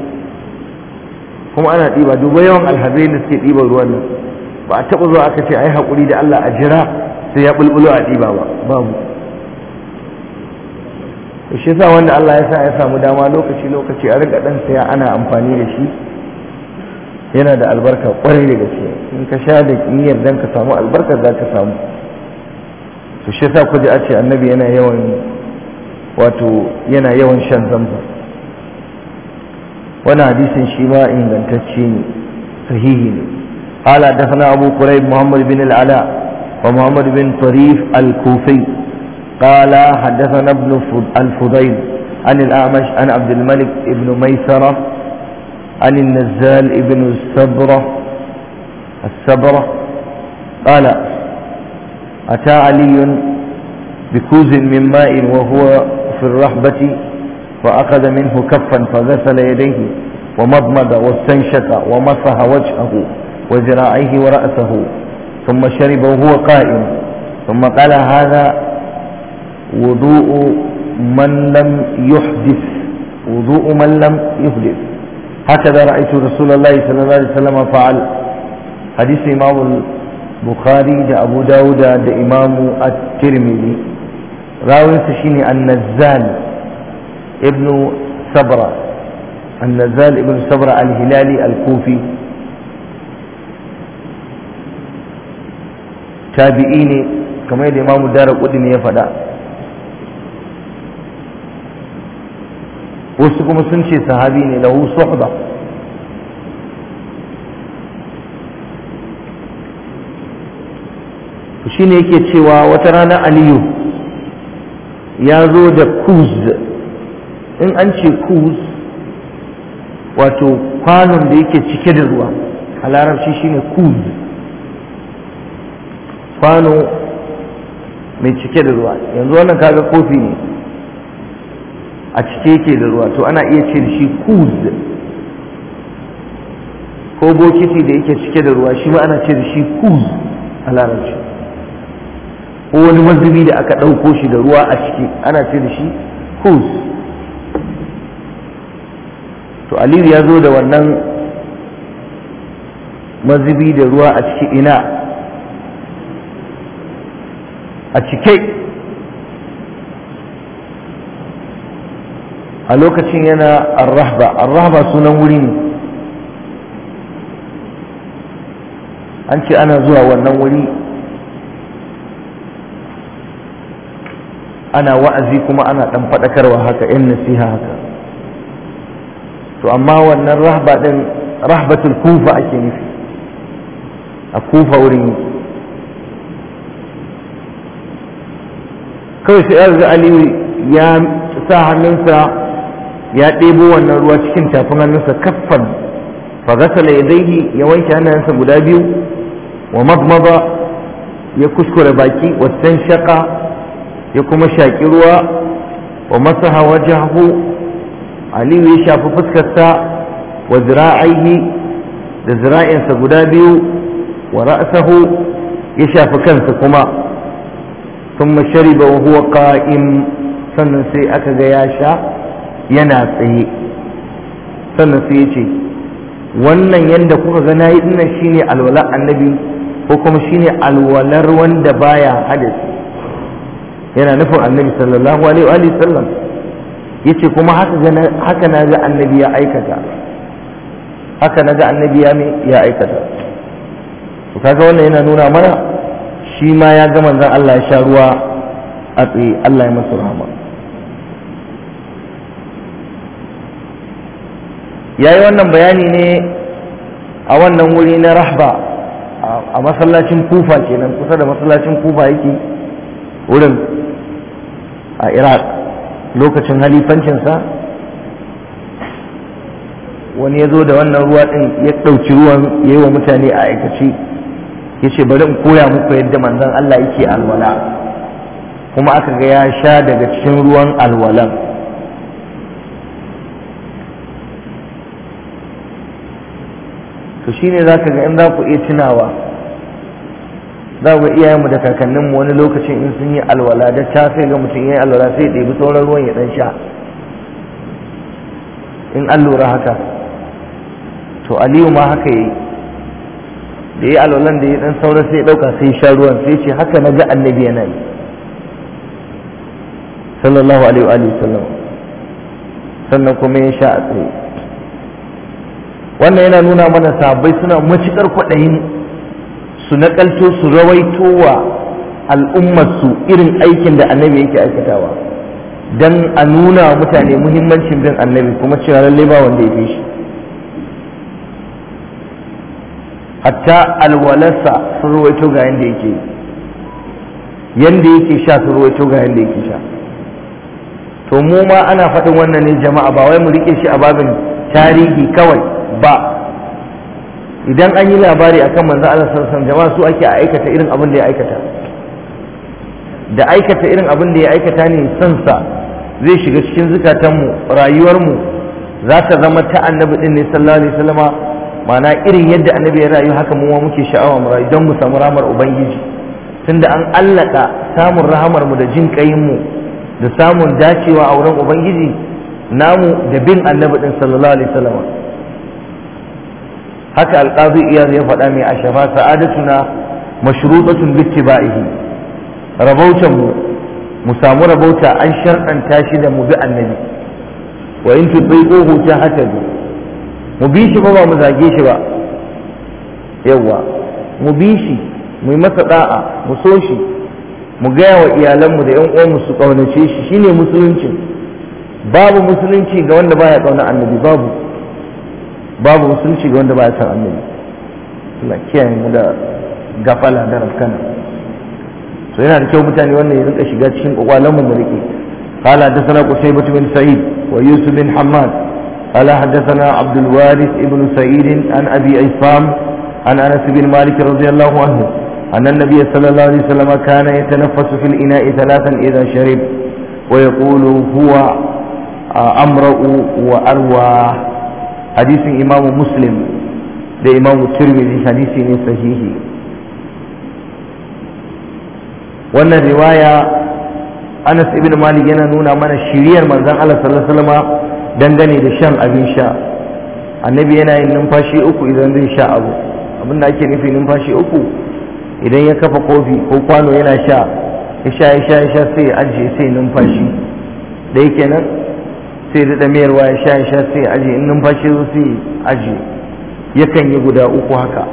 A: kuma ana ɗiba duba yawan alhazai da suke ɗiban ruwan nan ba a taɓa zuwa aka ce yi haƙuri da Allah a jira sai ya ɓulɓulo a ɗiba ba babu shi yasa wanda Allah ya sa ya samu dama lokaci lokaci a riga ɗan saya ana amfani da shi yana da albarka kwarai da gaske in ka sha da niyyar dan ka samu albarkar za ka samu to shi sa ku ji a ce annabi yana yawan wato yana yawan shan zamba wannan hadisin shi ma ingantacce ne sahihi ne abu قال حدثنا أبو قريب محمد بن العلاء ومحمد بن طريف الكوفي قال حدثنا ابن الفضيل عن الأعمش عن عبد الملك بن ميسرة عن النزال بن السبرة السبرة قال أتى علي بكوز من ماء وهو في الرحبة فأخذ منه كفا فغسل يديه ومضمض واستنشق ومسح وجهه وذراعيه ورأسه ثم شرب وهو قائم ثم قال هذا وضوء من لم يحدث وضوء من لم يحدث هكذا رأيت رسول الله صلى الله عليه وسلم فعل حديث إمام البخاري دا أبو داود دا إمام الترمذي راوي سشيني النزال ابن صبرة النزال ابن صبرة الهلالي الكوفي تابعين كما يد امام imamu dara يفدا وسكم سنشي صحابي له صحبه ne yake cewa wata rana aliyu ya zo da kuz in an ce kuz wato kwanon da yake cike da ruwa a larabci ne kuz kwano mai cike da ruwa yanzu wannan kaga kofi ne a cike yake da ruwa to ana iya ce da shi kuz ko bokiti da yake cike da ruwa shi ma ana ce da shi kuz a larabci ko wani mazubi da aka ɗauko shi da ruwa a ciki ana ce da shi hus to aliyu ya zo da wannan mazubi da ruwa a ciki ina a cike a lokacin yana arrahba arrahba sunan wuri ne an ce ana zuwa wannan wuri ana wa'azi kuma ana dan fadakarwa haka yan nasiha haka to amma wannan rahba rahbatul kufa ake nufi a kufa wurin kawai sai yanzu aliyu ya sa hannunsa ya ɗebo wannan ruwa cikin tafin hannunsa kaffan fagasala ya zaihi ya wanke hannayensa guda biyu wa mazmaza ya kuskure baki wasan shaka ya kuma shaƙi ruwa wa masaha wajahu aliyu ya shafi fuskarsa wa zira'aihi da zira'insa guda biyu wa ra'sahu ya shafi kansa kuma thumma shariba wa huwa sannan sai aka ga ya sha yana tsaye sannan sai ya ce wannan yadda kuka ga nayi dinnan shine alwala annabi ko kuma shine alwalar wanda baya hadasi yana nufin annabi sallallahu alaihi wa sallam yace kuma haka na ga annabi ya aikata haka na ga annabi ya mai ya aikata to kaga wannan yana nuna mana shi ma ya ga manzon Allah ya sha ruwa a tsaye Allah ya masa rahama yayi wannan bayani ne a wannan wuri na rahba a masallacin kufa kenan kusa da masallacin kufa yake wurin a iraq lokacin halifancinsa wani ya zo da wannan ruwa ɗin ya ɗauki ruwan ya yi wa mutane a aikace ya ce bari in koya muku yadda manzon Allah yake alwala kuma aka ga ya sha daga cikin ruwan alwalan to shine za ka ga in za ku iya tunawa za ga iyayenmu da kakanninmu wani lokacin in sun yi alwala da ta sai ga mutum yi alwala sai ɗebi sauran ruwan ya ɗan sha in an lura haka to aliyu ma haka yi da yi alwalan da ya ɗan sauran sai ya ɗauka sai sha ruwan sai ce haka na ga annabi yana yi sallallahu alaihi wa sallam sannan kuma ya sha a tsaye wannan yana nuna mana sabai suna matuƙar kwaɗayin su nakalto su rawaito wa al'ummarsu irin aikin da annabi yake aikatawa don a nuna wa mutane muhimmancin bin annabi kuma cewa lallai ba wanda ya fi shi hatta alwalarsa sun rawaito ga yadda yake yadda yake sha sun rawaito ga yadda yake sha to mu ma ana faɗin wannan ne jama'a ba wai mu rike shi a babin tarihi kawai ba idan an yi labari a kan manzan Allah sallallahu jama'a su ake aikata irin abin da ya aikata da aikata irin abin da ya aikata ne sansa zai shiga cikin zukatanmu rayuwarmu za ta zama ta annabi din ne sallallahu alaihi salama. mana irin yadda annabi ya rayu haka mu muke sha'awa mu rayu don mu samu ramar ubangiji tunda an allaka samun rahamar mu da jin kayin mu da samun dacewa a wurin ubangiji namu da bin annabi din sallallahu alaihi salama. haka alqazi iya ya faɗa mai ashafa sa'adatuna mashrutatun bittiba'ihi rabautan mu mu samu rabauta an shar'anta shi da mu bi annabi wa in haka tahtadu mu bi shi ba ba mu zage shi ba yawa mu bi shi mu yi masa da'a mu so shi mu gaya wa iyalanmu da yan uwanmu su kaunace shi shine musulunci babu musulunci ga wanda baya kauna annabi babu babu musulunci ga wanda ba ya san annabi da gafala da rafkana to yana da kyau mutane wannan ya rinka shiga cikin kwakwalen mu da rike qala hadathana qusaybah bin sa'id wa yusuf bin hammad qala hadathana abd al-warith ibn sa'id an abi aysam an anas bin malik radiyallahu anhu أن النبي صلى الله عليه وسلم كان يتنفس في الإناء ثلاثا إذا شرب ويقول هو أمرأ وأرواح hadisin imamu muslim da imamu tirmidhi hadisi ne sahihi wannan riwaya anas ibn malik yana nuna mana shiriyar manzan Allah sallallahu alaihi wasallam dangane da shan abin sha annabi yana yin numfashi uku idan zai sha abu abin da ake nufi numfashi uku idan ya kafa kofi ko kwano yana sha ya sha ya sha ya sha sai ya ajiye sai numfashi da yake nan sai da miyar ya sha ya sha sai aji in numfashi su sai aji yakan yi guda uku haka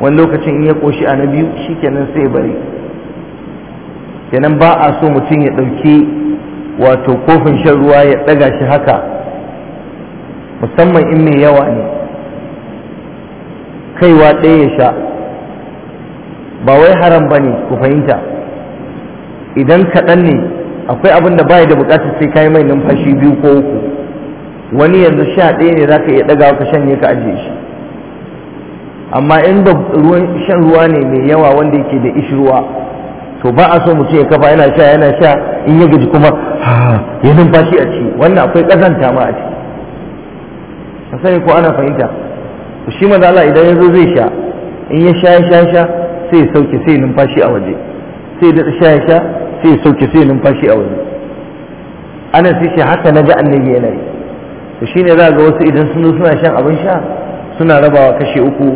A: wani lokacin in ya koshi a na biyu shi kenan sai bari kenan ba a so mutum ya ɗauki wato kofin shan ruwa ya ɗaga shi haka musamman in mai yawa ne kaiwa ɗaya ya sha ba wai haram ba ne ku fahimta idan kaɗan ne akwai abin da baya da buƙatar sai kayi mai numfashi biyu ko uku wani yanzu sha ɗaya ne za ka iya ɗaga ka shanye ka ajiye shi amma inda ruwan shan ruwa ne mai yawa wanda yake da ruwa to ba a so mu ce kafa yana sha yana sha in ya gaji kuma ya numfashi a ciki wannan akwai ƙazanta ma a ciki ka sani ko ana fahimta to shi maza Allah idan zo zai sha in ya sha sha sha sai ya sauke sai numfashi a waje sai da sha sha sai ya sauke sai numfashi a waje ana sai shi haka ga annabi yana yi to ne za ga wasu idan sun suna shan abin sha suna rabawa kashe uku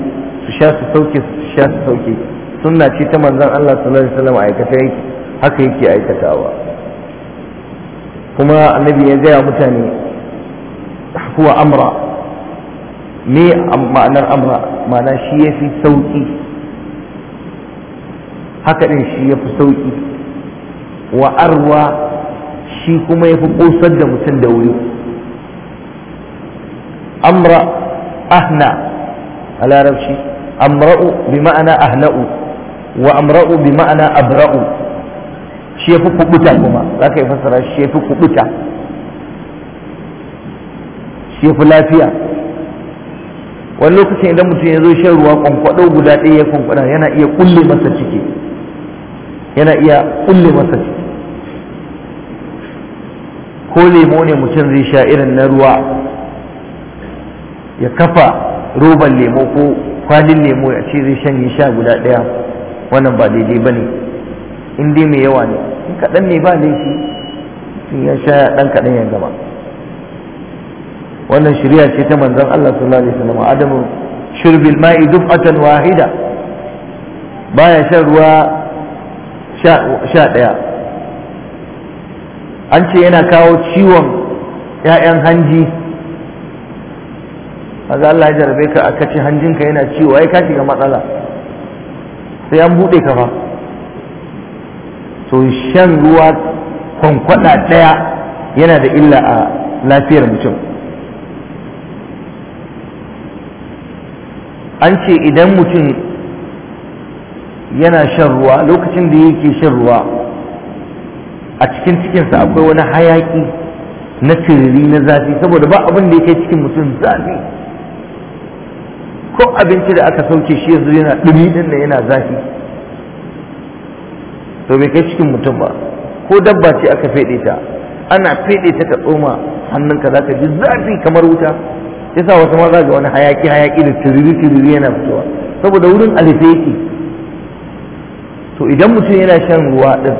A: su sha su sauke su sha su sauke sunna ce ta manzan Allah sallallahu alaihi wasallam aikata yake haka yake aikatawa kuma annabi ya gaya mutane huwa amra me ma'anar amra ma'ana shi ya fi sauƙi haka ɗin shi ya fi sauƙi wa arwa shi kuma ya fi ƙosar da mutum da wuri amra ahna a larabci amra'u bi ma'ana ahna'u wa amra'u bi ma'ana abra'u shi ya kubuta kuma za ka yi fassara shi ya fi kubuta shi ya lafiya wani lokacin idan mutum ya zo shan ruwa kwankwado guda ɗaya ya kwankwada yana iya kulle masa ciki yana iya kulle masa ciki ko lemo ne mutum zai sha irin na ruwa ya kafa roban lemo ko kwalin lemo ya ce zai shanye sha guda ɗaya wannan ba daidai ba ne in dai mai yawa ne in kaɗan ne ba laifi in ya sha ɗan kaɗan ya gama wannan shirya ce ta manzon Allah sallallahu alaihi wasallam adamu shurbil ma'i dub'atan wahida baya shan ruwa sha ɗaya an ce yana kawo ciwon ‘ya'yan hanji kaza Allah ya jarabe ka aka hanjin hanjinka yana ciwo ai ka shiga matsala sai an buɗe ka fa to shan ruwa kwankwada ɗaya yana da illa a lafiyar mutum an ce idan mutum yana shan ruwa lokacin da yake shan ruwa a cikin cikinsa akwai wani hayaki na tiriri na zafi saboda ba abin da yake cikin mutum zafi duk abinci da aka sauke shi yanzu yana dumi din nan yana zafi to bai kai cikin mutum ba ko dabba ce aka fede ta ana fede ta ta tsoma hannunka za ka ji zafi kamar wuta yasa wasu ma za ga wani hayaki hayaki da tiriri tiriri yana fitowa saboda wurin alife yake to idan mutum yana shan ruwa din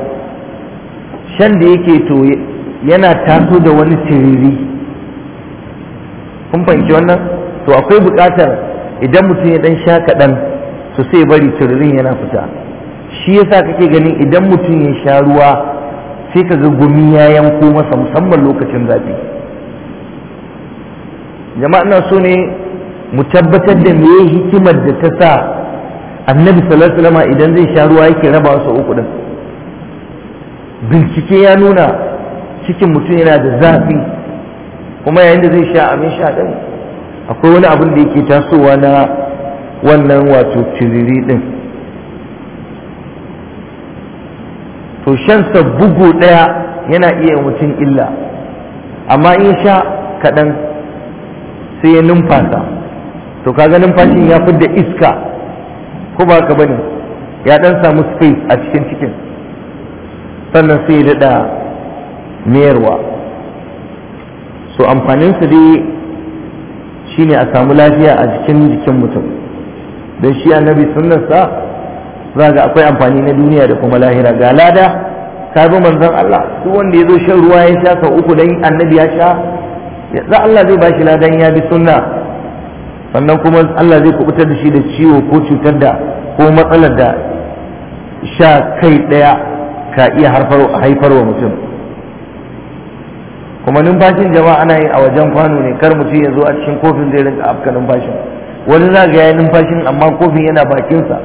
A: shan da yake to yana taso da wani tiriri kun fahimci wannan to akwai buƙatar idan mutum ya dan sha kaɗan su sai bari tururin yana fita shi yasa kake ganin idan mutum ya sha ruwa sai ka ga gumi ya yanko masa musamman lokacin zafi jama'a ina so ne mu tabbatar da me hikimar da ta sa annabi sallallahu alaihi wasallam idan zai sha ruwa yake raba wasu uku din bincike ya nuna cikin mutum yana da zafi kuma yayin da zai sha amin sha din akwai wani abin da yake tasowa na wannan wato ciriri din to shansa bugu ɗaya yana iya mutum illa amma in sha kaɗan sai ya numfasa to kaga numfashin ya da iska ko ba ka bane ya ɗan samu space a cikin cikin sannan sai ya daɗa mayarwa so amfaninsa dai shine a samu lafiya a cikin jikin mutum don shi annabi sunnarsa za ga akwai amfani na duniya da kuma lahira ga lada ka bi manzon Allah duk wanda ya zo shan ruwa ya sha sau uku dan annabi ya sha yanzu Allah zai bashi ladan ya bi sunna sannan kuma Allah zai kubutar da shi da ciwo ko cutar da ko matsalar da sha kai daya ka iya haifarwa mutum kuma numfashin jama'a ana yi a wajen kwano ne kar mutum ya zo a cikin kofin zai rinka afka numfashin wani za ga ya numfashin amma kofin yana bakinsa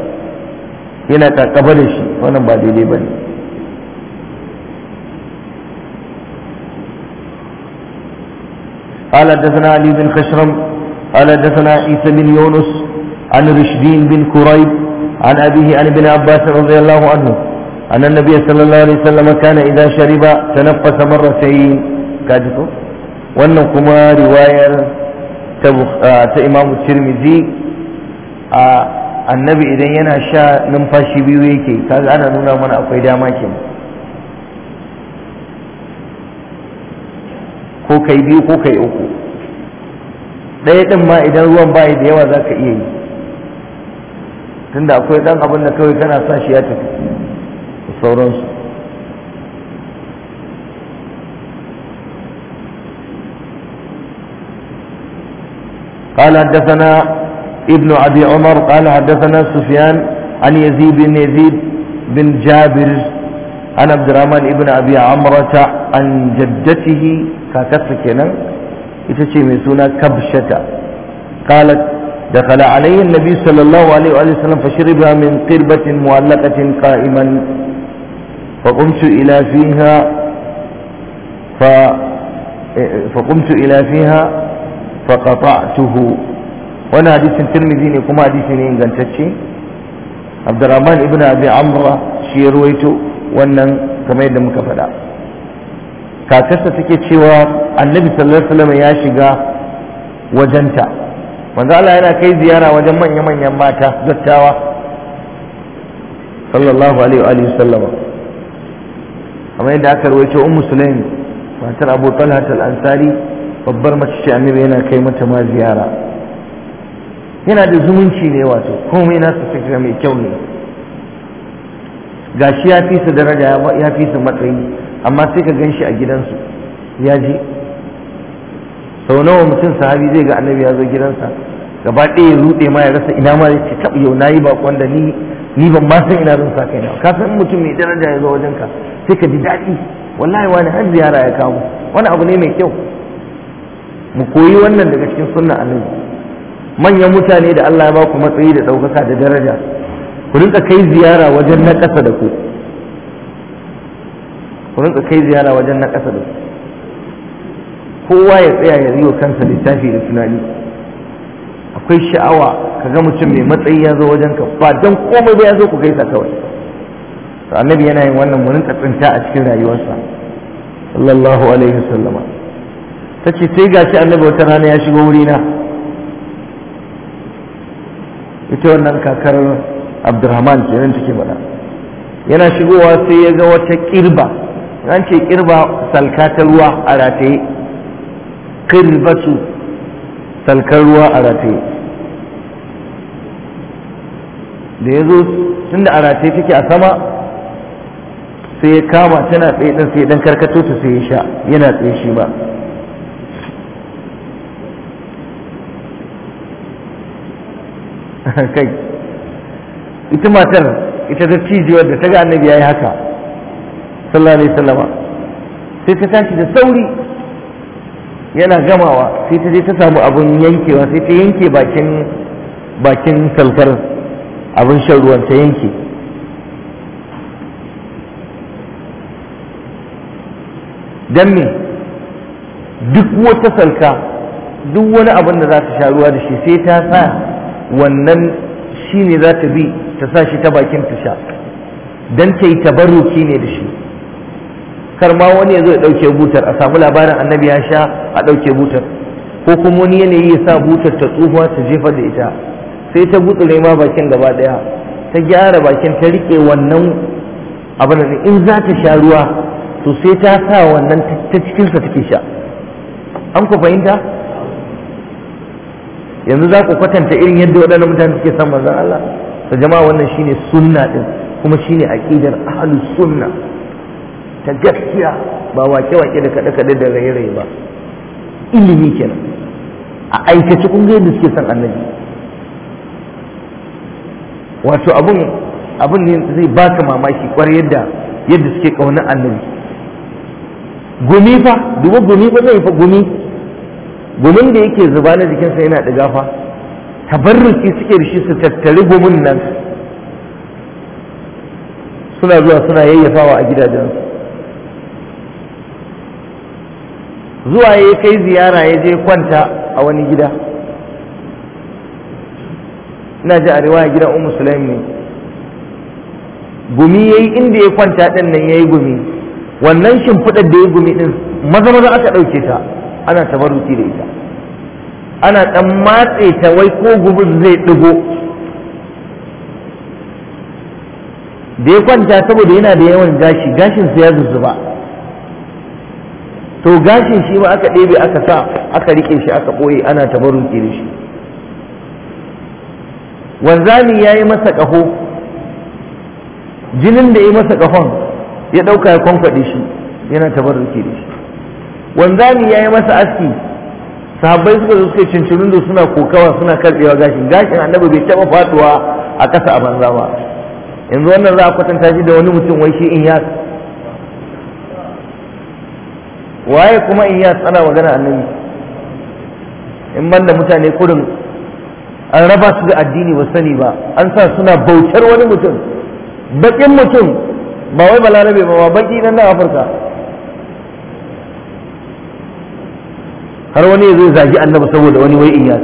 A: yana kakaba da shi wannan ba daidai ba ne قال حدثنا علي بن خشرم قال حدثنا عيسى بن يونس عن رشدين بن كريب عن أبيه عن ابن عباس رضي الله عنه أن النبي صلى الله عليه وسلم كان إذا شرب تنفس مرتين kaji ko wannan kuma riwayar ta imamu tirmizi a annabi idan yana sha numfashi biyu yake kaga ana nuna mana akwai dama ke ko kai biyu ko kai uku ɗaya ɗin ma idan ruwan bayi da yawa za ka iya yi tunda akwai ɗan abin da kawai kana sa shi ya tafi da sauransu قال حدثنا ابن أبي عمر قال حدثنا سفيان عن يزيد بن يزيد بن جابر عن عبد الرحمن ابن أبي عمرة عن جدته كاكسكنا يتشي من كبشة قالت دخل علي النبي صلى الله عليه وآله وسلم فشربها من قربة معلقة قائما فقمت إلى فيها ف... فقمت إلى فيها فقطعته وانا حديث الترمذي ne kuma hadisi ne ingantacce abdurrahman ibn abi amra shi ya ruwaito wannan kamar yadda muka faɗa kakarsa take cewa annabi sallallahu alaihi wasallam ya shiga wajenta manzo Allah yana kai ziyara wajen manya manyan mata dattawa sallallahu alaihi wa alihi sallama kamar yadda aka rawaito ummu sulaim matar abu talha al-ansari babbar mace ce annabi yana kai mata ma ziyara yana da zumunci ne wato komai nasa fikira mai kyau ne gashi ya fi su daraja ya fi su matsayi amma sai ka gan shi a gidansu ya je sau nawa mutum sahabi zai ga annabi ya zo gidansa gaba ɗaya ya ruɗe ma ya rasa ina ma ya ce taɓa yau na yi bakon da ni ni ban ma san ina zan sa kai na ka san mutum mai daraja ya zo wajenka sai ka ji daɗi wallahi wani har ziyara ya kawo wani abu ne mai kyau mu koyi wannan daga cikin sunna annabi manyan mutane da Allah ya ba ku matsayi da ɗaukaka da daraja ku rinka kai ziyara wajen na ƙasa da ku ku rinka kai ziyara wajen na ƙasa da ku kowa ya tsaya ya yi wa kansa littafi da tunani akwai sha'awa ka ga mutum mai matsayi ya zo wajen ka ba don komai ba ya zo ku gaisa kawai to annabi yana yin wannan mu rinka tsinta a cikin rayuwarsa sallallahu alaihi wasallama ta ce sai gashi annabi wata rana ya shigo wurina ita wannan kakar abdurrahman nan take bada yana shigowa sai ya ga wata kirba an ce kirba salka ta ruwa a rataye kirbatu salkar ruwa a rataye da ya zo tun da a rataye take a sama sai ya kama tana tsaye ɗin sai ɗan karkato ta sai ya sha yana tsaye shi ba kai ita matar ita ta ciji da ta ga annabi ya yi haka sallallahu alaihi wasallama sai ta tashi da sauri yana gamawa sai ta je ta samu abin yankewa sai ta yanke bakin bakin salkar abin shan ruwan ta yanke don me duk wata salka duk wani abin da za ta sha ruwa da shi sai ta sa wannan shi ne za ta bi ta sa shi ta bakin ta sha don ta yi tabarruki ne da shi kar ma wani ya zo ya ɗauke butar a samu labarin annabi ya sha a ɗauke butar ko kuma wani yanayi ya sa butar ta tsufa ta jefar da ita sai ta gutsure ma bakin gaba ɗaya ta gyara bakin ta riƙe wannan abin da in za ta sha ruwa to sai ta sa wannan ta cikinsa take sha an ku fahimta yanzu za ku kwatanta irin yadda waɗannan mutane suke san manzon Allah to jama'a wannan shine sunna din kuma shine aqidar ahlus sunna ta gaskiya ba wake-wake da kaɗe-kaɗe da rai-rai ba ilimi kenan a aikace kun yadda suke son annabi wato abun abun ne zai baka mamaki kwarai yadda yadda suke ƙaunar annabi gumi fa duba gumi ba zai fa gumi gumin da yake zuba na jikinsa yana da gafa tabarruki suke da shi su tattari gumin nan suna zuwa suna yayyafawa a gidajensu zuwa ya kai ziyara ya je kwanta a wani gida ina ji a riwaya gidan umu sulaim ne gumi ya yi inda ya kwanta ɗin nan ya yi gumi wannan shimfiɗar da ya gumi ɗin maza maza aka ɗauke ta ana tabarruki da ita ana ɗan matse ta wai ko gubin zai ɗigo da ya kwanta saboda yana da yawan gashi gashinsa ya zuzzuba to gashin shi ma aka ɗebe aka sa aka riƙe shi aka ɓoye ana tabarruki da shi wanzami ya yi masa ƙaho jinin da ya yi masa ƙahon ya ɗauka ya kwankwaɗe shi yana tabarruki da shi Wanzani ya yi masa aski sahabbai suka zo suka cincirin da suna kokawa suna karbewa gashin gashin annabi bai taba faduwa a kasa a banza ba yanzu wannan za a kwatanta shi da wani mutum wai shi in ya waye kuma in ya tsana magana annabi in banda mutane kurin an raba su da addini ba sani ba an sa suna bautar wani mutum baƙin mutum ba wai balarabe ba ba baƙi nan na afirka har wani ya zai zagi annabi saboda wani wai iyas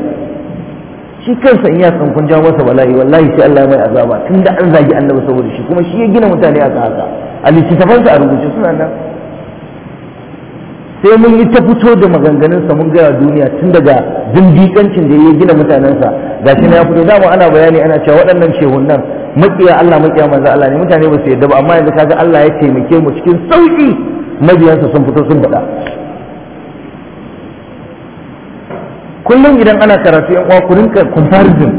A: shi kansa iyas san kun jawo masa bala'i wallahi sai Allah mai azaba tunda an zagi annabi saboda shi kuma shi ya gina mutane a haka a fansa a rubuce suna nan sai mun yi ta fito da maganganunsa mun gaya duniya tun daga dindikancin da ya gina mutanensa ga shi na ya fito dama ana bayani ana cewa waɗannan shehun nan Allah maƙiya manzo Allah ne mutane ba su yadda ba amma yanzu kaga Allah ya taimake mu cikin sauki mabiyansa sun fito sun faɗa kullum idan ana karatu yan uwa ku rinka comparison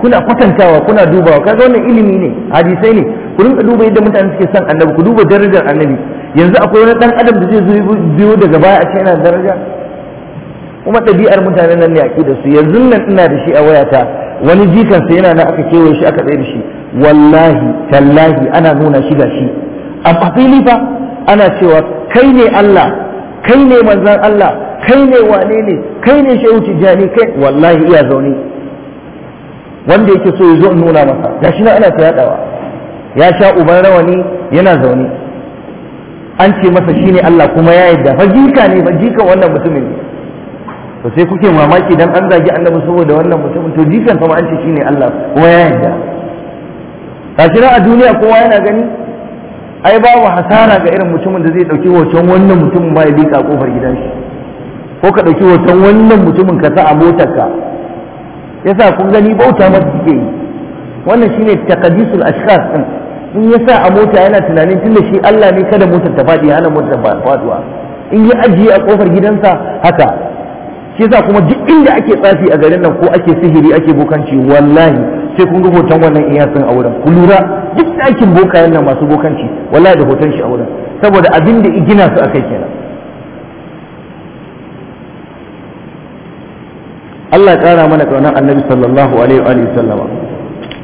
A: kuna kwatantawa kuna dubawa kaga wannan ilimi ne hadisai ne ku rinka duba yadda mutane suke son annabi ku duba darajar annabi yanzu akwai wani dan adam da zai zo biyo daga baya a ce yana daraja kuma ɗabi'ar mutane nan ne da su yanzu nan ina da shi a wayata wani jikan sa yana na aka kewaye shi aka tsaye da shi wallahi tallahi ana nuna shi gashi a fili fa ana cewa kai ne Allah kai ne manzan Allah kai ne wane ne kai ne shehu tijjani kai wallahi iya zaune wanda yake so ya zo nuna masa shi na ana ta yadawa ya sha uban rawani yana zaune an ce masa shine Allah kuma ya yadda fa jika ne fa jika wannan mutumin ne to sai kuke mamaki dan an zagi annabi saboda wannan mutumin to jikan fa an ce shine Allah kuma ya yadda shi na a duniya kowa yana gani ai babu hasara ga irin mutumin da zai dauki hoton wannan mutumin ba ya bika kofar gidan shi ko ka ɗauki hoton wannan mutumin ka sa a motarka ya sa kun gani bauta masa suke yi wannan shine taqdisul ashkhas ɗin in ya sa a mota yana tunanin tunda shi Allah ne kada motar ta faɗi hana motar faɗuwa in ya ajiye a ƙofar gidansa haka shi yasa kuma duk inda ake tsafi a garin nan ko ake sihiri ake bokanci wallahi sai kun ga hoton wannan in iyasin a wurin ku lura duk ɗakin bokayen nan masu bokanci wallahi da hoton shi a wurin saboda abin da igina su a kai kenan Allah ya ƙara mana ƙaunar annabi sallallahu alaihi wa sallama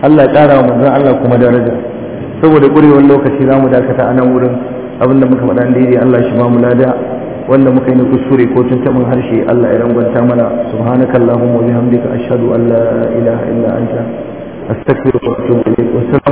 A: Allah ya ƙara wa manzon Allah kuma daraja saboda ƙurewar lokaci za mu dakata a nan wurin abinda muka faɗa daidai Allah shi ba mu lada wanda muka yi na kuskure ko tun tuntuɓin harshe Allah ya rangwanta mana subhanakallahumma
B: wa bihamdika ashhadu an la ilaha illa anta astaghfiruka wa atubu ilayk